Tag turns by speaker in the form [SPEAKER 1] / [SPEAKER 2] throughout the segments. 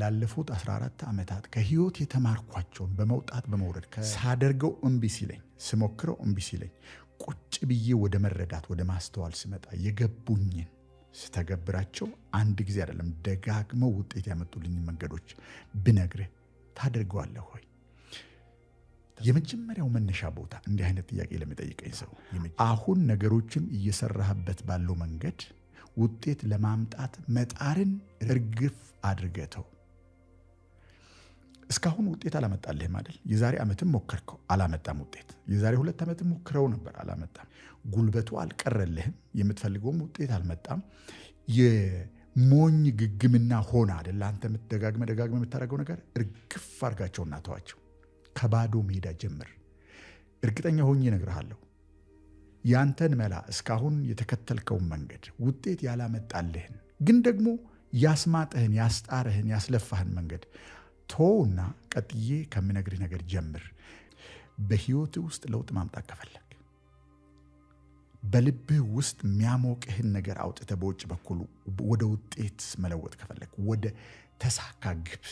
[SPEAKER 1] ላለፉት 14 ዓመታት ከህይወት የተማርኳቸውን በመውጣት በመውረድ ሳደርገው እምቢ ሲለኝ፣ ስሞክረው እምቢ ሲለኝ፣ ቁጭ ብዬ ወደ መረዳት ወደ ማስተዋል ስመጣ የገቡኝን ስተገብራቸው አንድ ጊዜ አይደለም ደጋግመው ውጤት ያመጡልኝ መንገዶች ብነግርህ ታደርገዋለህ ሆይ? የመጀመሪያው መነሻ ቦታ እንዲህ አይነት ጥያቄ ለሚጠይቀኝ ሰው አሁን ነገሮችን እየሰራህበት ባለው መንገድ ውጤት ለማምጣት መጣርን እርግፍ አድርገተው እስካሁን ውጤት አላመጣልህም አይደል? የዛሬ ዓመትም ሞከርከው አላመጣም ውጤት። የዛሬ ሁለት ዓመትም ሞክረው ነበር አላመጣም። ጉልበቱ አልቀረልህም፣ የምትፈልገውም ውጤት አልመጣም። የሞኝ ግግምና ሆነ አይደል? አንተ የምትደጋግመ ደጋግመ የምታደርገው ነገር እርግፍ አድርጋቸው እና ተዋቸው። ከባዶ ሜዳ ጀምር። እርግጠኛ ሆኜ እነግርሃለሁ ያንተን መላ እስካሁን የተከተልከውን መንገድ ውጤት ያላመጣልህን ግን ደግሞ ያስማጠህን ያስጣረህን ያስለፋህን መንገድ ቶውና ቀጥዬ ከምነግርህ ነገር ጀምር። በህይወት ውስጥ ለውጥ ማምጣት ከፈለግ በልብህ ውስጥ የሚያሞቅህን ነገር አውጥተህ በውጭ በኩል ወደ ውጤት መለወጥ ከፈለግ ወደ ተሳካ ግብ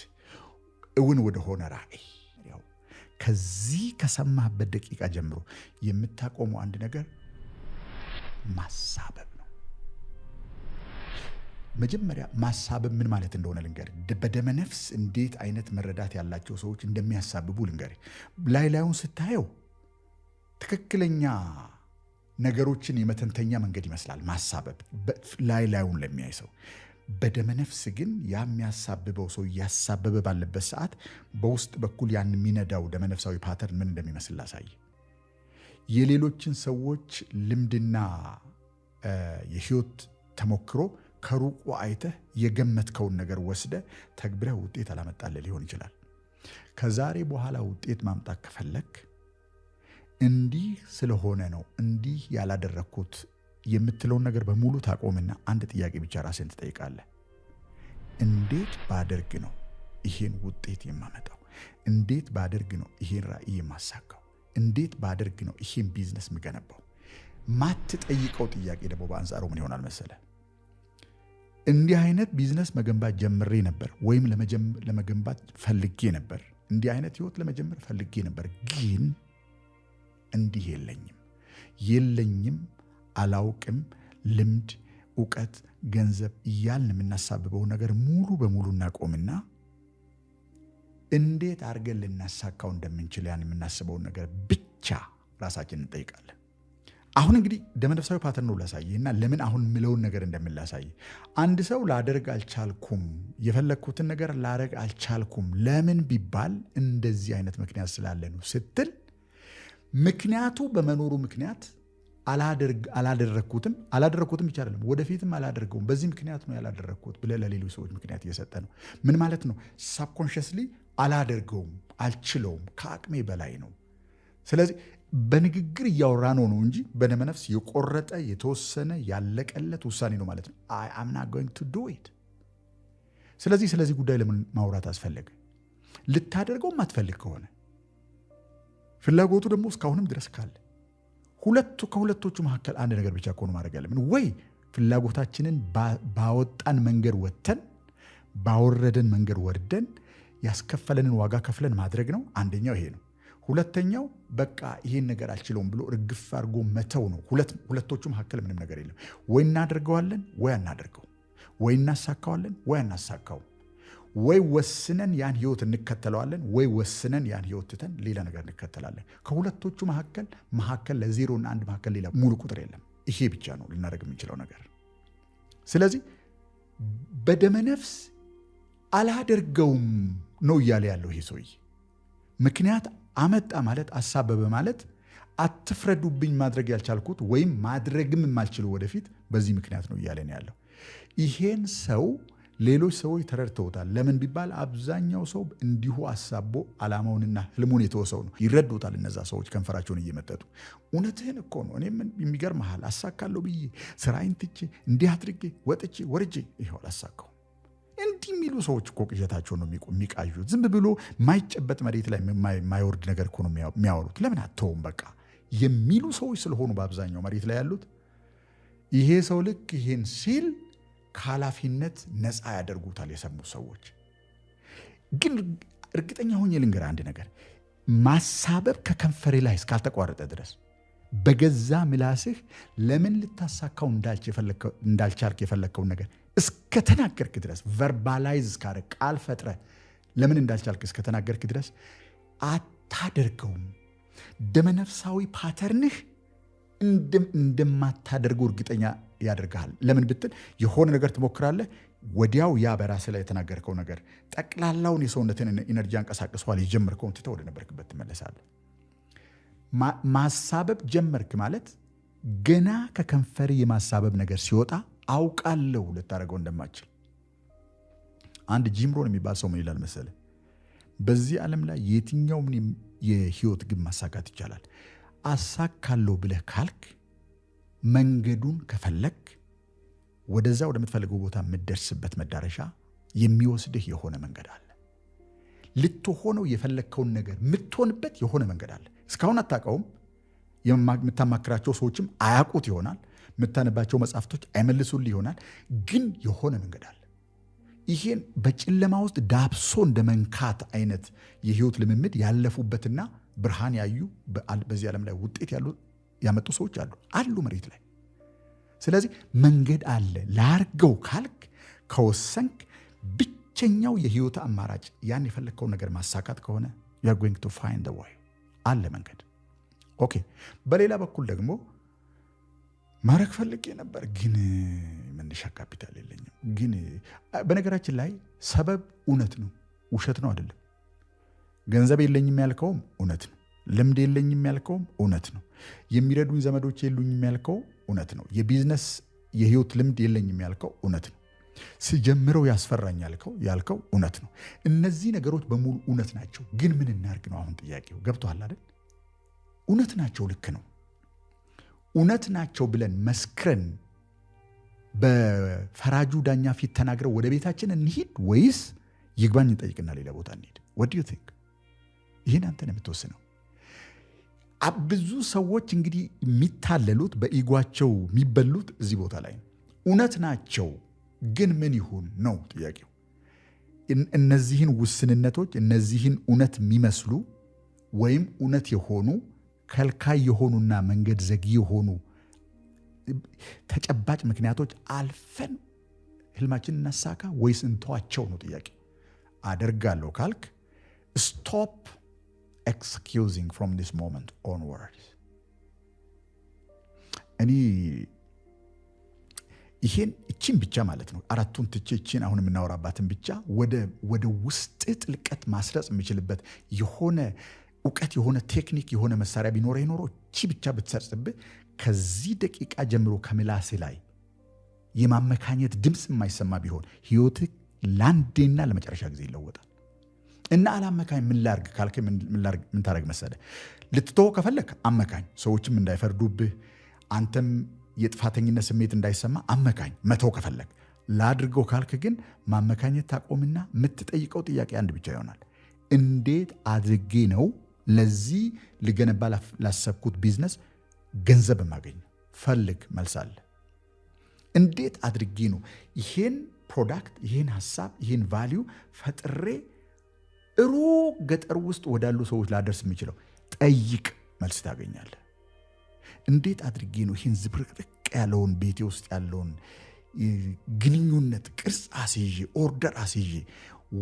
[SPEAKER 1] እውን ወደ ሆነ ራእይ ከዚህ ከሰማህበት ደቂቃ ጀምሮ የምታቆመው አንድ ነገር ማሳበብ መጀመሪያ ማሳበብ ምን ማለት እንደሆነ ልንገር። ነፍስ እንዴት አይነት መረዳት ያላቸው ሰዎች እንደሚያሳብቡ ልንገር። ላይ ላዩን ስታየው ትክክለኛ ነገሮችን የመተንተኛ መንገድ ይመስላል ማሳበብ ላይ ላዩን ለሚያይ ሰው። ነፍስ ግን ያ የሚያሳብበው ሰው እያሳበበ ባለበት ሰዓት በውስጥ በኩል ያን የሚነዳው ደመነፍሳዊ ፓተርን ምን እንደሚመስል ላሳይ። የሌሎችን ሰዎች ልምድና የህይወት ተሞክሮ ከሩቁ አይተህ የገመትከውን ነገር ወስደ ተግብረህ ውጤት አላመጣልህ ሊሆን ይችላል። ከዛሬ በኋላ ውጤት ማምጣት ከፈለክ እንዲህ ስለሆነ ነው እንዲህ ያላደረግኩት የምትለውን ነገር በሙሉ ታቆምና አንድ ጥያቄ ብቻ ራሴን ትጠይቃለህ። እንዴት ባደርግ ነው ይሄን ውጤት የማመጣው? እንዴት ባደርግ ነው ይሄን ራዕይ የማሳካው? እንዴት ባደርግ ነው ይሄን ቢዝነስ የምገነባው? ማትጠይቀው ጥያቄ ደግሞ በአንጻሩ ምን ይሆናል መሰለህ? እንዲህ አይነት ቢዝነስ መገንባት ጀምሬ ነበር ወይም ለመገንባት ፈልጌ ነበር። እንዲህ አይነት ህይወት ለመጀመር ፈልጌ ነበር፣ ግን እንዲህ የለኝም የለኝም፣ አላውቅም። ልምድ፣ እውቀት፣ ገንዘብ እያልን የምናሳብበው ነገር ሙሉ በሙሉ እናቆምና እንዴት አድርገን ልናሳካው እንደምንችል ያን የምናስበውን ነገር ብቻ ራሳችን እንጠይቃለን። አሁን እንግዲህ ደመነፍሳዊ ፓተርን ነው እና ለምን አሁን ምለውን ነገር እንደምላሳይ አንድ ሰው ላደርግ አልቻልኩም፣ የፈለግኩትን ነገር ላደርግ አልቻልኩም ለምን ቢባል እንደዚህ አይነት ምክንያት ስላለ ነው ስትል ምክንያቱ በመኖሩ ምክንያት አላደረግኩትም አላደረግኩትም ብቻ አይደለም ወደፊትም አላደርገውም፣ በዚህ ምክንያት ነው ያላደረግኩት ብለ ለሌሎች ሰዎች ምክንያት እየሰጠ ነው። ምን ማለት ነው? ሳብኮንሽስሊ አላደርገውም፣ አልችለውም፣ ከአቅሜ በላይ ነው። ስለዚህ በንግግር እያወራ ነው ነው እንጂ በደመነፍስ የቆረጠ የተወሰነ ያለቀለት ውሳኔ ነው ማለት ነው። አይ አም ናት ጎይንግ ቱ ዱ ኢት። ስለዚህ ስለዚህ ጉዳይ ለምን ማውራት አስፈለገ? ልታደርገው ማትፈልግ ከሆነ ፍላጎቱ ደግሞ እስካሁንም ድረስ ካለ ሁለቱ ከሁለቶቹ መካከል አንድ ነገር ብቻ ከሆኑ ማድረግ ያለብን ወይ ፍላጎታችንን ባወጣን መንገድ ወጥተን ባወረደን መንገድ ወርደን ያስከፈለንን ዋጋ ከፍለን ማድረግ ነው። አንደኛው ይሄ ነው። ሁለተኛው በቃ ይሄን ነገር አልችለውም ብሎ እርግፍ አድርጎ መተው ነው። ሁለቶቹ መካከል ምንም ነገር የለም። ወይ እናደርገዋለን ወይ አናደርገው፣ ወይ እናሳካዋለን ወይ አናሳካው፣ ወይ ወስነን ያን ህይወት እንከተለዋለን ወይ ወስነን ያን ህይወት ትተን ሌላ ነገር እንከተላለን። ከሁለቶቹ መካከል መካከል እና አንድ መካከል ሌላ ሙሉ ቁጥር የለም። ይሄ ብቻ ነው ልናደርግ የምንችለው ነገር። ስለዚህ በደመነፍስ አላደርገውም ነው እያለ ያለው ይሄ ሰውዬ ምክንያት አመጣ ማለት አሳበበ ማለት አትፍረዱብኝ ማድረግ ያልቻልኩት ወይም ማድረግም የማልችለው ወደፊት በዚህ ምክንያት ነው እያለ ነው ያለው። ይሄን ሰው ሌሎች ሰዎች ተረድተውታል። ለምን ቢባል አብዛኛው ሰው እንዲሁ አሳቦ አላማውንና ህልሙን የተወሰው ነው። ይረዱታል እነዛ ሰዎች ከንፈራቸውን እየመጠጡ እውነትህን እኮ ነው እኔም የሚገርምሃል አሳካለሁ ብዬ ስራዬን ትቼ እንዲህ አድርጌ ወጥቼ ወርጄ ይኸው አላሳካው የሚሉ ሰዎች እኮ ቅዠታቸው ነው የሚቃዡት። ዝም ብሎ ማይጨበጥ መሬት ላይ የማይወርድ ነገር እኮ ነው የሚያወሩት። ለምን አተውም በቃ የሚሉ ሰዎች ስለሆኑ በአብዛኛው መሬት ላይ ያሉት ይሄ ሰው ልክ ይሄን ሲል ከኃላፊነት ነፃ ያደርጉታል የሰሙት ሰዎች። ግን እርግጠኛ ሆኜ ልንገር አንድ ነገር ማሳበብ ከከንፈሬ ላይ እስካልተቋረጠ ድረስ በገዛ ምላስህ ለምን ልታሳካው እንዳልቻልክ የፈለግከውን ነገር እስከተናገርክ ድረስ ቨርባላይዝ ካረ ቃል ፈጥረ ለምን እንዳልቻልክ እስከተናገርክ ድረስ አታደርገውም። ደመነፍሳዊ ፓተርንህ እንደማታደርገው እርግጠኛ ያደርግሃል። ለምን ብትል የሆነ ነገር ትሞክራለህ፣ ወዲያው ያ በራስህ ላይ የተናገርከው ነገር ጠቅላላውን የሰውነትን ኢነርጂ አንቀሳቅሰዋል። የጀመርከውን ትተህ ወደ ነበርክበት ትመለሳለህ። ማሳበብ ጀመርክ ማለት ገና ከከንፈር የማሳበብ ነገር ሲወጣ አውቃለሁ ልታደርገው እንደማችል። አንድ ጂምሮን የሚባል ሰው ምን ይላል መሰለ፣ በዚህ ዓለም ላይ የትኛውም የህይወት ግብ ማሳካት ይቻላል። አሳካለሁ ብለህ ካልክ መንገዱን ከፈለግ ወደዛ ወደምትፈልገው ቦታ የምደርስበት መዳረሻ የሚወስድህ የሆነ መንገድ አለ። ልትሆነው የፈለግከውን ነገር የምትሆንበት የሆነ መንገድ አለ። እስካሁን አታውቀውም። የምታማክራቸው ሰዎችም አያውቁት ይሆናል። የምታነባቸው መጽሐፍቶች አይመልሱልህ ይሆናል፣ ግን የሆነ መንገድ አለ። ይሄን በጨለማ ውስጥ ዳብሶ እንደ መንካት አይነት የህይወት ልምምድ ያለፉበትና ብርሃን ያዩ በዚህ ዓለም ላይ ውጤት ያሉ ያመጡ ሰዎች አሉ አሉ መሬት ላይ። ስለዚህ መንገድ አለ። ላርገው ካልክ ከወሰንክ ብቸኛው የህይወት አማራጭ ያን የፈለግከውን ነገር ማሳካት ከሆነ ዩአር ጎይንግ ቱ ፋይንድ ዋይ አለ መንገድ። ኦኬ። በሌላ በኩል ደግሞ ማድረግ ፈልጌ ነበር፣ ግን መነሻ ካፒታል የለኝም። ግን በነገራችን ላይ ሰበብ እውነት ነው፣ ውሸት ነው አይደለም። ገንዘብ የለኝም ያልከውም እውነት ነው። ልምድ የለኝም ያልከውም እውነት ነው። የሚረዱኝ ዘመዶች የሉኝም ያልከው እውነት ነው። የቢዝነስ የህይወት ልምድ የለኝም ያልከው እውነት ነው። ስጀምረው ያስፈራኝ ያልከው ያልከው እውነት ነው። እነዚህ ነገሮች በሙሉ እውነት ናቸው። ግን ምን እናርግ ነው አሁን ጥያቄው። ገብቶሃል አይደል? እውነት ናቸው፣ ልክ ነው። እውነት ናቸው ብለን መስክረን በፈራጁ ዳኛ ፊት ተናግረው ወደ ቤታችን እንሂድ ወይስ ይግባኝ እንጠይቅና ሌላ ቦታ እንሄድ? ወድ ዩ ቲንክ? ይህን አንተ ነው የምትወስነው። ብዙ ሰዎች እንግዲህ የሚታለሉት በኢጓቸው የሚበሉት እዚህ ቦታ ላይ ነው። እውነት ናቸው ግን ምን ይሁን ነው ጥያቄው። እነዚህን ውስንነቶች እነዚህን እውነት የሚመስሉ ወይም እውነት የሆኑ ከልካይ የሆኑና መንገድ ዘጊ የሆኑ ተጨባጭ ምክንያቶች አልፈን ህልማችን እናሳካ ወይስ እንተዋቸው ነው ጥያቄ። አደርጋለሁ ካልክ ስቶፕ ኤክስኪውዚንግ ፍሮም ዲስ ሞመንት ኦንወርድ። እኔ ይሄን እቺን ብቻ ማለት ነው አራቱን ትቼ እቺን አሁን የምናወራባትን ብቻ ወደ ውስጥ ጥልቀት ማስረጽ የምችልበት የሆነ እውቀት የሆነ ቴክኒክ የሆነ መሳሪያ ቢኖረ ይኖሮ እቺ ብቻ ብትሰርጽብህ ከዚህ ደቂቃ ጀምሮ ከምላሴ ላይ የማመካኘት ድምፅ የማይሰማ ቢሆን ህይወትህ ለአንዴና ለመጨረሻ ጊዜ ይለወጣል። እና አላመካኝ ምን ላርግ ካልክ ምን ታደረግ መሰለ፣ ልትተወው ከፈለግ አመካኝ። ሰዎችም እንዳይፈርዱብህ አንተም የጥፋተኝነት ስሜት እንዳይሰማ አመካኝ። መተው ከፈለግ ላድርገው ካልክ ግን ማመካኘት ታቆምና የምትጠይቀው ጥያቄ አንድ ብቻ ይሆናል። እንዴት አድርጌ ነው ለዚህ ልገነባ ላሰብኩት ቢዝነስ ገንዘብ ማገኝ ፈልግ አለ። እንዴት አድርጌ ነው ይሄን ፕሮዳክት ይህን ሀሳብ ይህን ቫሊዩ ፈጥሬ ሩቅ ገጠር ውስጥ ወዳሉ ሰዎች ላደርስ የሚችለው ጠይቅ መልስ ታገኛለ። እንዴት አድርጌ ነው ይህን ዝብርቅርቅ ያለውን ቤቴ ውስጥ ያለውን ግንኙነት ቅርጽ አስይዤ ኦርደር አስይዤ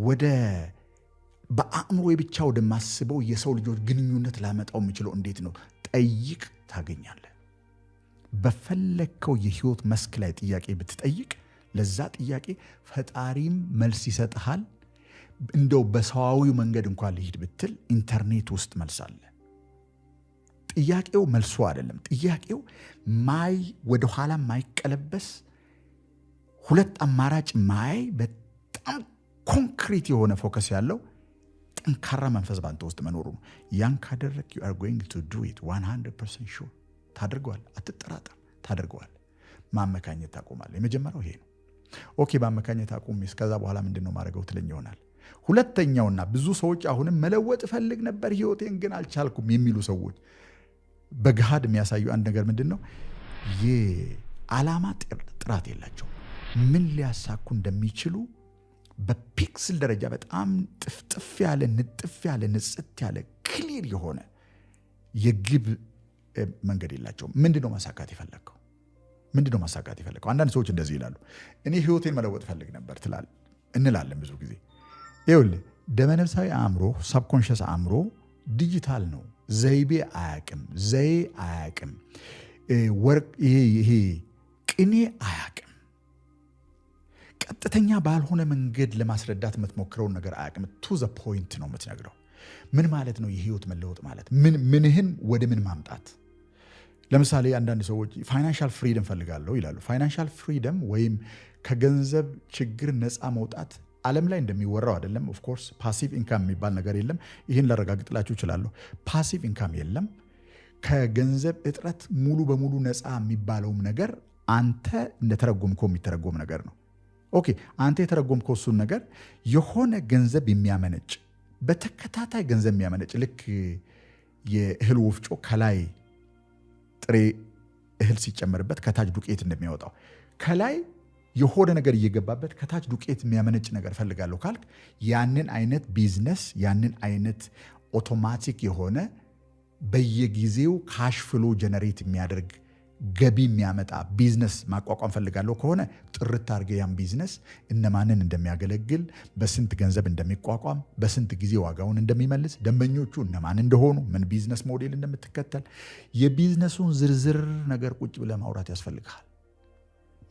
[SPEAKER 1] ወደ በአእምሮ ብቻ ወደማስበው የሰው ልጆች ግንኙነት ላመጣው የምችለው እንዴት ነው? ጠይቅ ታገኛለህ። በፈለግከው የህይወት መስክ ላይ ጥያቄ ብትጠይቅ ለዛ ጥያቄ ፈጣሪም መልስ ይሰጥሃል። እንደው በሰዋዊው መንገድ እንኳን ልሂድ ብትል ኢንተርኔት ውስጥ መልስ አለ። ጥያቄው መልሶ አይደለም። ጥያቄው ማይ ወደኋላ ማይቀለበስ ሁለት አማራጭ ማይ በጣም ኮንክሪት የሆነ ፎከስ ያለው ጠንካራ መንፈስ በአንተ ውስጥ መኖሩ ነው። ያን ካደረግ ዩ አር ጎይንግ ቱ ዱ ኢት 100% ሹር ታደርገዋል። አትጠራጠር፣ ታደርገዋል። ማመካኘት ታቆማለህ። የመጀመሪያው ይሄ ነው። ኦኬ፣ ማመካኘት አቁም። እስከዛ በኋላ ምንድን ነው ማድረገው ትለኝ ይሆናል። ሁለተኛውና ብዙ ሰዎች አሁንም መለወጥ እፈልግ ነበር ህይወቴን ግን አልቻልኩም የሚሉ ሰዎች በገሃድ የሚያሳዩ አንድ ነገር ምንድን ነው? የዓላማ ጥራት የላቸው ምን ሊያሳኩ እንደሚችሉ በፒክስል ደረጃ በጣም ጥፍጥፍ ያለ ንጥፍ ያለ ንጽት ያለ ክሊር የሆነ የግብ መንገድ የላቸውም። ምንድን ነው ማሳካት የፈለግከው? ምንድን ነው ማሳካት የፈለግከው? አንዳንድ ሰዎች እንደዚህ ይላሉ፣ እኔ ህይወቴን መለወጥ ፈልግ ነበር እንላለን ብዙ ጊዜ። ይኸውልህ ደመነፍሳዊ አእምሮ፣ ሳብኮንሽስ አእምሮ ዲጂታል ነው። ዘይቤ አያቅም፣ ዘዬ አያቅም፣ ይሄ ቅኔ አያቅም። ቀጥተኛ ባልሆነ መንገድ ለማስረዳት የምትሞክረውን ነገር አያውቅም። ቱ ዘ ፖይንት ነው የምትነግረው። ምን ማለት ነው የህይወት መለወጥ ማለት ምንህን ወደ ምን ማምጣት ለምሳሌ አንዳንድ ሰዎች ፋይናንሻል ፍሪደም ፈልጋለሁ ይላሉ። ፋይናንሻል ፍሪደም ወይም ከገንዘብ ችግር ነፃ መውጣት ዓለም ላይ እንደሚወራው አይደለም። ኦፍኮርስ ፓሲቭ ኢንካም የሚባል ነገር የለም። ይህን ላረጋግጥላችሁ እችላለሁ። ፓሲቭ ኢንካም የለም። ከገንዘብ እጥረት ሙሉ በሙሉ ነፃ የሚባለውም ነገር አንተ እንደተረጎምከው የሚተረጎም ነገር ነው። ኦኬ አንተ የተረጎምከው እሱን ነገር የሆነ ገንዘብ የሚያመነጭ በተከታታይ ገንዘብ የሚያመነጭ ልክ የእህል ወፍጮ ከላይ ጥሬ እህል ሲጨመርበት ከታች ዱቄት እንደሚያወጣው ከላይ የሆነ ነገር እየገባበት ከታች ዱቄት የሚያመነጭ ነገር ፈልጋለሁ ካልክ ያንን አይነት ቢዝነስ ያንን አይነት ኦቶማቲክ የሆነ በየጊዜው ካሽ ፍሎ ጀነሬት የሚያደርግ ገቢ የሚያመጣ ቢዝነስ ማቋቋም ፈልጋለሁ ከሆነ ጥርት አድርገህ ያን ቢዝነስ እነማንን እንደሚያገለግል፣ በስንት ገንዘብ እንደሚቋቋም፣ በስንት ጊዜ ዋጋውን እንደሚመልስ፣ ደንበኞቹ እነማን እንደሆኑ፣ ምን ቢዝነስ ሞዴል እንደምትከተል የቢዝነሱን ዝርዝር ነገር ቁጭ ብለህ ማውራት ያስፈልግሃል።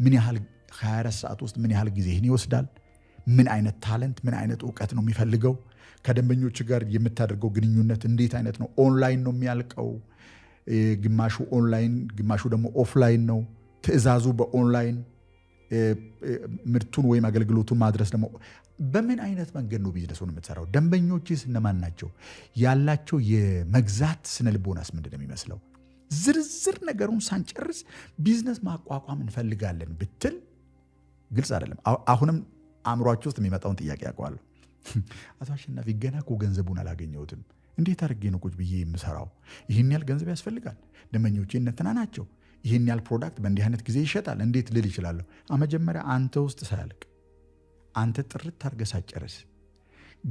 [SPEAKER 1] ምን ያህል 24 ሰዓት ውስጥ ምን ያህል ጊዜህን ይወስዳል? ምን አይነት ታለንት ምን አይነት እውቀት ነው የሚፈልገው? ከደንበኞች ጋር የምታደርገው ግንኙነት እንዴት አይነት ነው? ኦንላይን ነው የሚያልቀው ግማሹ ኦንላይን፣ ግማሹ ደግሞ ኦፍላይን ነው። ትዕዛዙ በኦንላይን ምርቱን ወይም አገልግሎቱን ማድረስ ደግሞ በምን አይነት መንገድ ነው ቢዝነሱን የምትሰራው? ደንበኞችስ እነማን ናቸው? ያላቸው የመግዛት ስነ ልቦናስ ምንድን ነው የሚመስለው? ዝርዝር ነገሩን ሳንጨርስ ቢዝነስ ማቋቋም እንፈልጋለን ብትል ግልጽ አይደለም። አሁንም አእምሯቸው ውስጥ የሚመጣውን ጥያቄ ያውቀዋለሁ። አቶ አሸናፊ ገና እኮ ገንዘቡን አላገኘሁትም እንዴት አድርጌ ነው ቁጭ ብዬ የምሰራው? ይህን ያህል ገንዘብ ያስፈልጋል። ደመኞች እነትና ናቸው። ይህን ያህል ፕሮዳክት በእንዲህ አይነት ጊዜ ይሸጣል እንዴት ልል ይችላለሁ? መጀመሪያ አንተ ውስጥ ሳያልቅ አንተ ጥርት አድርገህ ሳጨርስ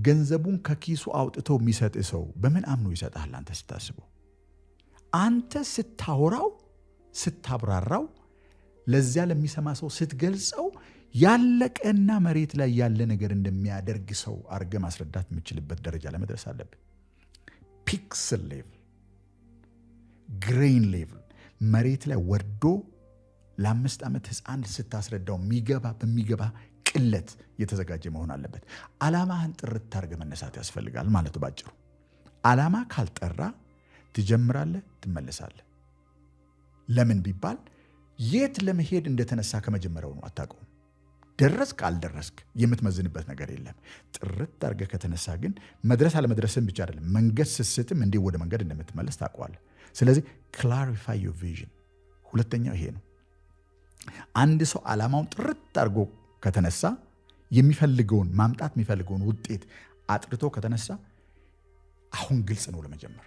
[SPEAKER 1] ገንዘቡን ከኪሱ አውጥተው የሚሰጥ ሰው በምን አምኖ ይሰጣል? አንተ ስታስበው፣ አንተ ስታወራው፣ ስታብራራው፣ ለዚያ ለሚሰማ ሰው ስትገልጸው ያለቀና መሬት ላይ ያለ ነገር እንደሚያደርግ ሰው አድርገህ ማስረዳት የምችልበት ደረጃ ለመድረስ አለብን። ፒክስል ሌቭል ግሬን ሌቭል መሬት ላይ ወርዶ ለአምስት ዓመት ህፃን ስታስረዳው የሚገባ በሚገባ ቅለት የተዘጋጀ መሆን አለበት። ዓላማህን ጥርት አድርገህ መነሳት ያስፈልጋል ማለት ባጭሩ። ዓላማ ካልጠራ ትጀምራለህ፣ ትመለሳለህ። ለምን ቢባል የት ለመሄድ እንደተነሳ ከመጀመሪያው ነው አታውቀውም። ደረስክ አልደረስክ የምትመዝንበት ነገር የለም። ጥርት አድርገህ ከተነሳ ግን መድረስ አለመድረስን ብቻ አይደለም፣ መንገድ ስስትም እንዲህ ወደ መንገድ እንደምትመለስ ታውቀዋለህ። ስለዚህ ክላሪፋይ ዮር ቪዥን ሁለተኛው ይሄ ነው። አንድ ሰው ዓላማውን ጥርት አድርጎ ከተነሳ የሚፈልገውን ማምጣት የሚፈልገውን ውጤት አጥርቶ ከተነሳ አሁን ግልጽ ነው ለመጀመር።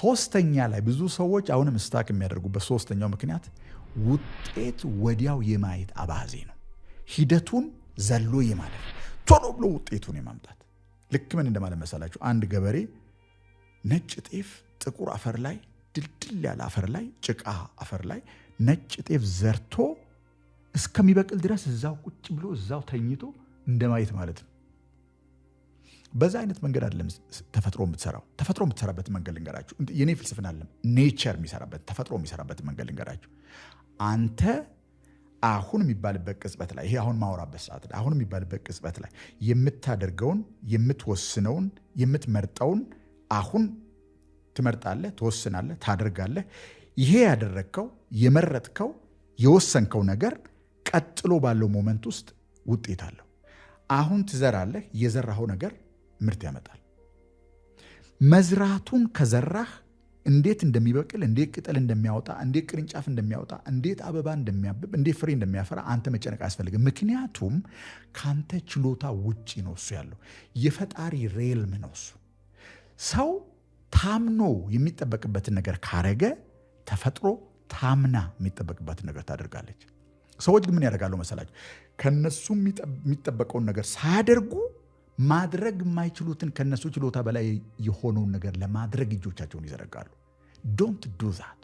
[SPEAKER 1] ሶስተኛ ላይ ብዙ ሰዎች አሁንም ስታክ የሚያደርጉበት ሶስተኛው ምክንያት ውጤት ወዲያው የማየት አባዜ ነው። ሂደቱን ዘሎ የማለፍ ቶሎ ብሎ ውጤቱን የማምጣት ልክ ምን እንደማለት መሰላችሁ? አንድ ገበሬ ነጭ ጤፍ ጥቁር አፈር ላይ ድልድል ያለ አፈር ላይ ጭቃ አፈር ላይ ነጭ ጤፍ ዘርቶ እስከሚበቅል ድረስ እዛው ቁጭ ብሎ እዛው ተኝቶ እንደማየት ማለት ነው። በዛ አይነት መንገድ አይደለም ተፈጥሮ የምትሰራው። ተፈጥሮ የምትሰራበት መንገድ ልንገራችሁ። የኔ ፍልስፍና አለም ኔቸር የሚሰራበት ተፈጥሮ የሚሰራበት መንገድ ልንገራችሁ። አንተ አሁን የሚባልበት ቅጽበት ላይ ይሄ አሁን ማወራበት ሰዓት ላይ አሁን የሚባልበት ቅጽበት ላይ የምታደርገውን የምትወስነውን የምትመርጠውን አሁን ትመርጣለህ፣ ትወስናለህ፣ ታደርጋለህ። ይሄ ያደረግከው የመረጥከው የወሰንከው ነገር ቀጥሎ ባለው ሞመንት ውስጥ ውጤት አለው። አሁን ትዘራለህ። የዘራኸው ነገር ምርት ያመጣል። መዝራቱን ከዘራህ እንዴት እንደሚበቅል እንዴት ቅጠል እንደሚያወጣ እንዴት ቅርንጫፍ እንደሚያወጣ እንዴት አበባ እንደሚያብብ እንዴት ፍሬ እንደሚያፈራ አንተ መጨነቅ አያስፈልግም። ምክንያቱም ካንተ ችሎታ ውጪ ነው እሱ ያለው የፈጣሪ ሬልም ነው እሱ። ሰው ታምኖ የሚጠበቅበትን ነገር ካረገ ተፈጥሮ ታምና የሚጠበቅበትን ነገር ታደርጋለች። ሰዎች ግን ምን ያደርጋሉ መሰላቸው? ከነሱ የሚጠበቀውን ነገር ሳያደርጉ ማድረግ የማይችሉትን ከነሱ ችሎታ በላይ የሆነውን ነገር ለማድረግ እጆቻቸውን ይዘረጋሉ። ዶንት ዱ ዛት።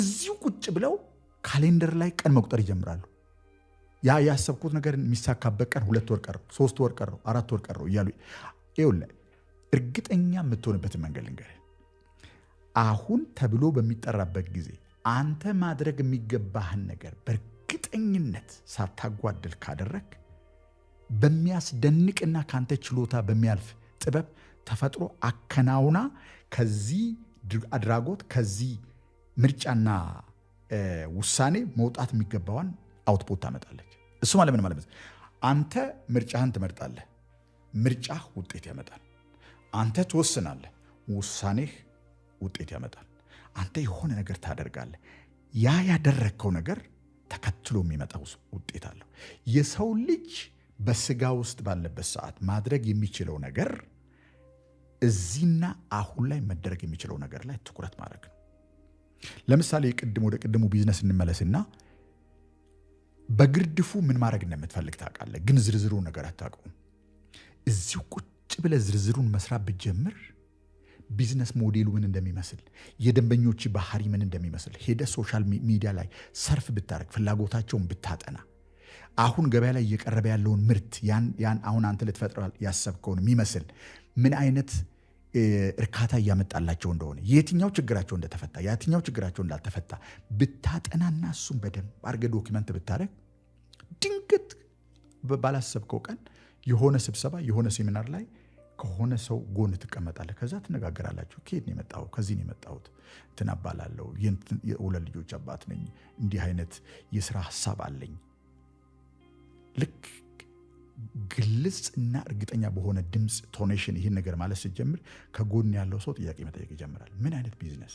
[SPEAKER 1] እዚሁ ቁጭ ብለው ካሌንደር ላይ ቀን መቁጠር ይጀምራሉ። ያ ያሰብኩት ነገር የሚሳካበት ቀን ሁለት ወር ቀረው፣ ሶስት ወር ቀረው፣ አራት ወር ቀረው እያሉ ይኸውልህ፣ እርግጠኛ የምትሆንበትን መንገድ ልንገርህ። አሁን ተብሎ በሚጠራበት ጊዜ አንተ ማድረግ የሚገባህን ነገር በእርግጠኝነት ሳታጓድል ካደረግ በሚያስደንቅና ካንተ ችሎታ በሚያልፍ ጥበብ ተፈጥሮ አከናውና ከዚህ አድራጎት ከዚህ ምርጫና ውሳኔ መውጣት የሚገባዋን አውትፑት ታመጣለች። እሱ ማለት ምን ማለት? አንተ ምርጫህን ትመርጣለህ፣ ምርጫህ ውጤት ያመጣል። አንተ ትወስናለህ፣ ውሳኔህ ውጤት ያመጣል። አንተ የሆነ ነገር ታደርጋለህ። ያ ያደረግከው ነገር ተከትሎ የሚመጣ ውጤት አለው። የሰው ልጅ በስጋ ውስጥ ባለበት ሰዓት ማድረግ የሚችለው ነገር እዚህና አሁን ላይ መደረግ የሚችለው ነገር ላይ ትኩረት ማድረግ ነው። ለምሳሌ ቅድም ወደ ቅድሙ ቢዝነስ እንመለስና በግርድፉ ምን ማድረግ እንደምትፈልግ ታውቃለህ፣ ግን ዝርዝሩ ነገር አታውቀውም። እዚሁ ቁጭ ብለህ ዝርዝሩን መስራት ብትጀምር ቢዝነስ ሞዴሉ ምን እንደሚመስል፣ የደንበኞች ባህሪ ምን እንደሚመስል ሄደህ ሶሻል ሚዲያ ላይ ሰርፍ ብታደርግ፣ ፍላጎታቸውን ብታጠና አሁን ገበያ ላይ እየቀረበ ያለውን ምርት ያን አሁን አንተ ልትፈጥረዋል ያሰብከውን የሚመስል ምን አይነት እርካታ እያመጣላቸው እንደሆነ የትኛው ችግራቸው እንደተፈታ የትኛው ችግራቸው እንዳልተፈታ ብታጠናና እሱን በደንብ አድርገህ ዶኪመንት ብታደርግ ድንገት ባላሰብከው ቀን የሆነ ስብሰባ የሆነ ሴሚናር ላይ ከሆነ ሰው ጎን ትቀመጣለህ። ከዛ ትነጋገራላችሁ። ከየት ነው የመጣው? ከዚህ ነው የመጣሁት። እንትን አባላለሁ፣ የሁለት ልጆች አባት ነኝ፣ እንዲህ አይነት የስራ ሀሳብ አለኝ ልክ ግልጽ እና እርግጠኛ በሆነ ድምፅ ቶኔሽን ይህን ነገር ማለት ስትጀምር ከጎን ያለው ሰው ጥያቄ መጠየቅ ይጀምራል። ምን አይነት ቢዝነስ?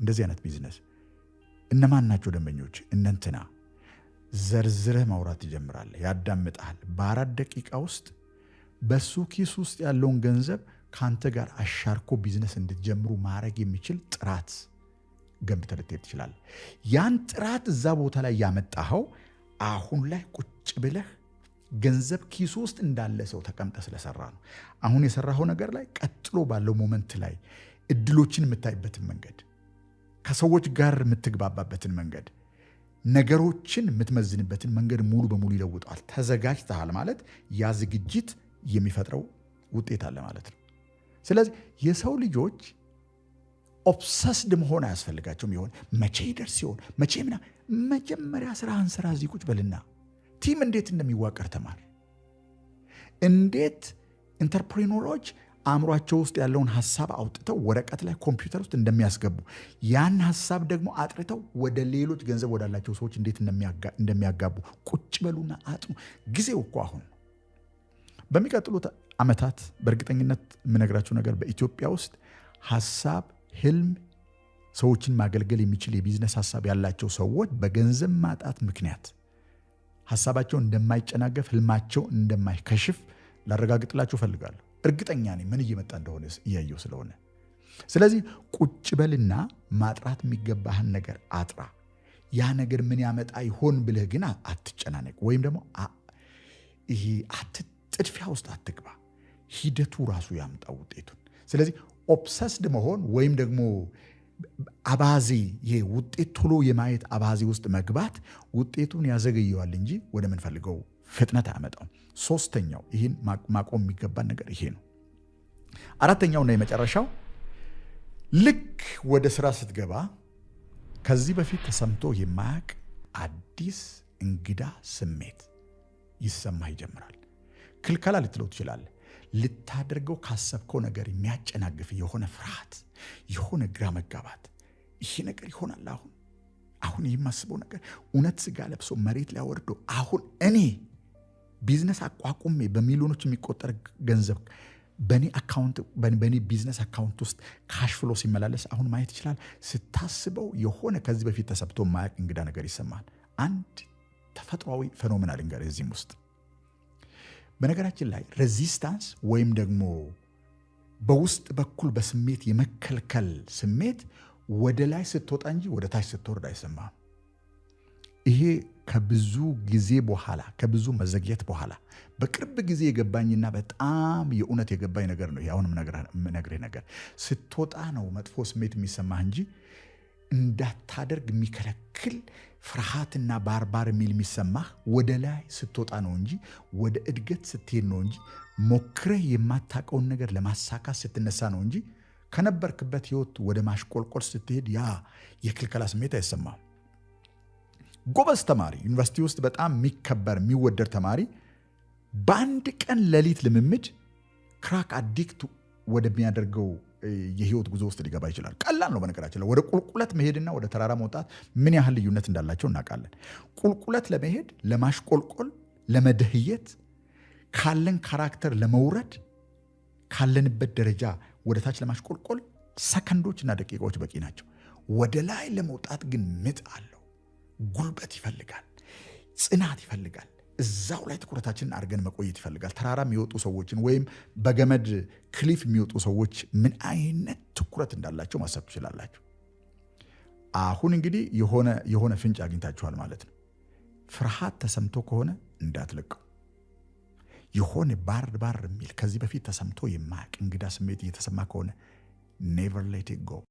[SPEAKER 1] እንደዚህ አይነት ቢዝነስ እነማን ናቸው ደንበኞች? እነንትና ዘርዝረህ ማውራት ይጀምራል ያዳምጠሃል። በአራት ደቂቃ ውስጥ በሱ ኪስ ውስጥ ያለውን ገንዘብ ከአንተ ጋር አሻርኮ ቢዝነስ እንድትጀምሩ ማድረግ የሚችል ጥራት ገንብተህ ልትሄድ ትችላለህ። ያን ጥራት እዛ ቦታ ላይ ያመጣኸው አሁን ላይ ቁጭ ብለህ ገንዘብ ኪሱ ውስጥ እንዳለ ሰው ተቀምጠ ስለሰራ ነው። አሁን የሰራኸው ነገር ላይ ቀጥሎ ባለው ሞመንት ላይ እድሎችን የምታይበትን መንገድ፣ ከሰዎች ጋር የምትግባባበትን መንገድ፣ ነገሮችን የምትመዝንበትን መንገድ ሙሉ በሙሉ ይለውጠዋል። ተዘጋጅተሃል ማለት ያ ዝግጅት የሚፈጥረው ውጤት አለ ማለት ነው። ስለዚህ የሰው ልጆች ኦብሰስድ መሆን አያስፈልጋቸውም። ይሆን መቼ ይደርስ ሲሆን መቼ ምና መጀመሪያ ስራህን ስራ እዚህ ቁጭ በልና ቲም እንዴት እንደሚዋቀር ተማር። እንዴት ኢንተርፕሪኖሮች አእምሯቸው ውስጥ ያለውን ሀሳብ አውጥተው ወረቀት ላይ ኮምፒውተር ውስጥ እንደሚያስገቡ ያን ሀሳብ ደግሞ አጥርተው ወደ ሌሎች ገንዘብ ወዳላቸው ሰዎች እንዴት እንደሚያጋቡ ቁጭ በሉና አጥኑ። ጊዜው እኮ አሁን በሚቀጥሉት ዓመታት በእርግጠኝነት የምነግራቸው ነገር በኢትዮጵያ ውስጥ ሀሳብ፣ ህልም፣ ሰዎችን ማገልገል የሚችል የቢዝነስ ሀሳብ ያላቸው ሰዎች በገንዘብ ማጣት ምክንያት ሀሳባቸው እንደማይጨናገፍ፣ ህልማቸው እንደማይከሽፍ ላረጋግጥላችሁ እፈልጋለሁ። እርግጠኛ ነኝ ምን እየመጣ እንደሆነ እያየው ስለሆነ። ስለዚህ ቁጭ በልና ማጥራት የሚገባህን ነገር አጥራ። ያ ነገር ምን ያመጣ ይሆን ብልህ ግን አትጨናነቅ፣ ወይም ደግሞ ይሄ ጥድፊያ ውስጥ አትግባ። ሂደቱ ራሱ ያምጣ ውጤቱን። ስለዚህ ኦብሰስድ መሆን ወይም ደግሞ አባዜ ይሄ ውጤት ቶሎ የማየት አባዜ ውስጥ መግባት ውጤቱን ያዘገየዋል እንጂ ወደ ምንፈልገው ፍጥነት አያመጣው። ሶስተኛው ይህን ማቆም የሚገባን ነገር ይሄ ነው። አራተኛውና የመጨረሻው ልክ ወደ ስራ ስትገባ ከዚህ በፊት ተሰምቶ የማያቅ አዲስ እንግዳ ስሜት ይሰማህ ይጀምራል። ክልከላ ልትለው ትችላለህ። ልታደርገው ካሰብከው ነገር የሚያጨናግፍ የሆነ ፍርሃት፣ የሆነ ግራ መጋባት፣ ይሄ ነገር ይሆናል አሁን አሁን የማስበው ነገር እውነት ስጋ ለብሶ መሬት ላይ ወርዶ አሁን እኔ ቢዝነስ አቋቁሜ በሚሊዮኖች የሚቆጠር ገንዘብ በእኔ አካውንት በእኔ ቢዝነስ አካውንት ውስጥ ካሽ ፍሎ ሲመላለስ አሁን ማየት ይችላል። ስታስበው የሆነ ከዚህ በፊት ተሰብቶ ማያቅ እንግዳ ነገር ይሰማል። አንድ ተፈጥሯዊ ፌኖሜና ልንገር እዚህም ውስጥ በነገራችን ላይ ሬዚስታንስ ወይም ደግሞ በውስጥ በኩል በስሜት የመከልከል ስሜት ወደ ላይ ስትወጣ እንጂ ወደ ታች ስትወርድ አይሰማም። ይሄ ከብዙ ጊዜ በኋላ ከብዙ መዘግየት በኋላ በቅርብ ጊዜ የገባኝና በጣም የእውነት የገባኝ ነገር ነው። አሁንም ነግሬ ነገር ስትወጣ ነው መጥፎ ስሜት የሚሰማህ እንጂ እንዳታደርግ የሚከለክል ፍርሃትና ባርባር የሚል የሚሰማህ ወደ ላይ ስትወጣ ነው እንጂ ወደ እድገት ስትሄድ ነው እንጂ ሞክረህ የማታውቀውን ነገር ለማሳካት ስትነሳ ነው እንጂ ከነበርክበት ህይወት ወደ ማሽቆልቆል ስትሄድ ያ የክልከላ ስሜት አይሰማም። ጎበዝ ተማሪ፣ ዩኒቨርሲቲ ውስጥ በጣም የሚከበር የሚወደድ ተማሪ በአንድ ቀን ሌሊት ልምምድ ክራክ አዲክት ወደሚያደርገው የህይወት ጉዞ ውስጥ ሊገባ ይችላል። ቀላል ነው በነገራችን ላይ ወደ ቁልቁለት መሄድና ወደ ተራራ መውጣት ምን ያህል ልዩነት እንዳላቸው እናውቃለን። ቁልቁለት ለመሄድ ለማሽቆልቆል፣ ለመደህየት፣ ካለን ካራክተር ለመውረድ፣ ካለንበት ደረጃ ወደ ታች ለማሽቆልቆል እና ደቂቃዎች በቂ ናቸው። ወደ ላይ ለመውጣት ግን ምጥ አለው፣ ጉልበት ይፈልጋል፣ ጽናት ይፈልጋል። እዛው ላይ ትኩረታችንን አድርገን መቆየት ይፈልጋል። ተራራ የሚወጡ ሰዎችን ወይም በገመድ ክሊፍ የሚወጡ ሰዎች ምን አይነት ትኩረት እንዳላቸው ማሰብ ትችላላችሁ። አሁን እንግዲህ የሆነ የሆነ ፍንጭ አግኝታችኋል ማለት ነው። ፍርሃት ተሰምቶ ከሆነ እንዳትለቀው። የሆነ ባር ባር የሚል ከዚህ በፊት ተሰምቶ የማያውቅ እንግዳ ስሜት እየተሰማ ከሆነ ኔቨር ሌት ጎ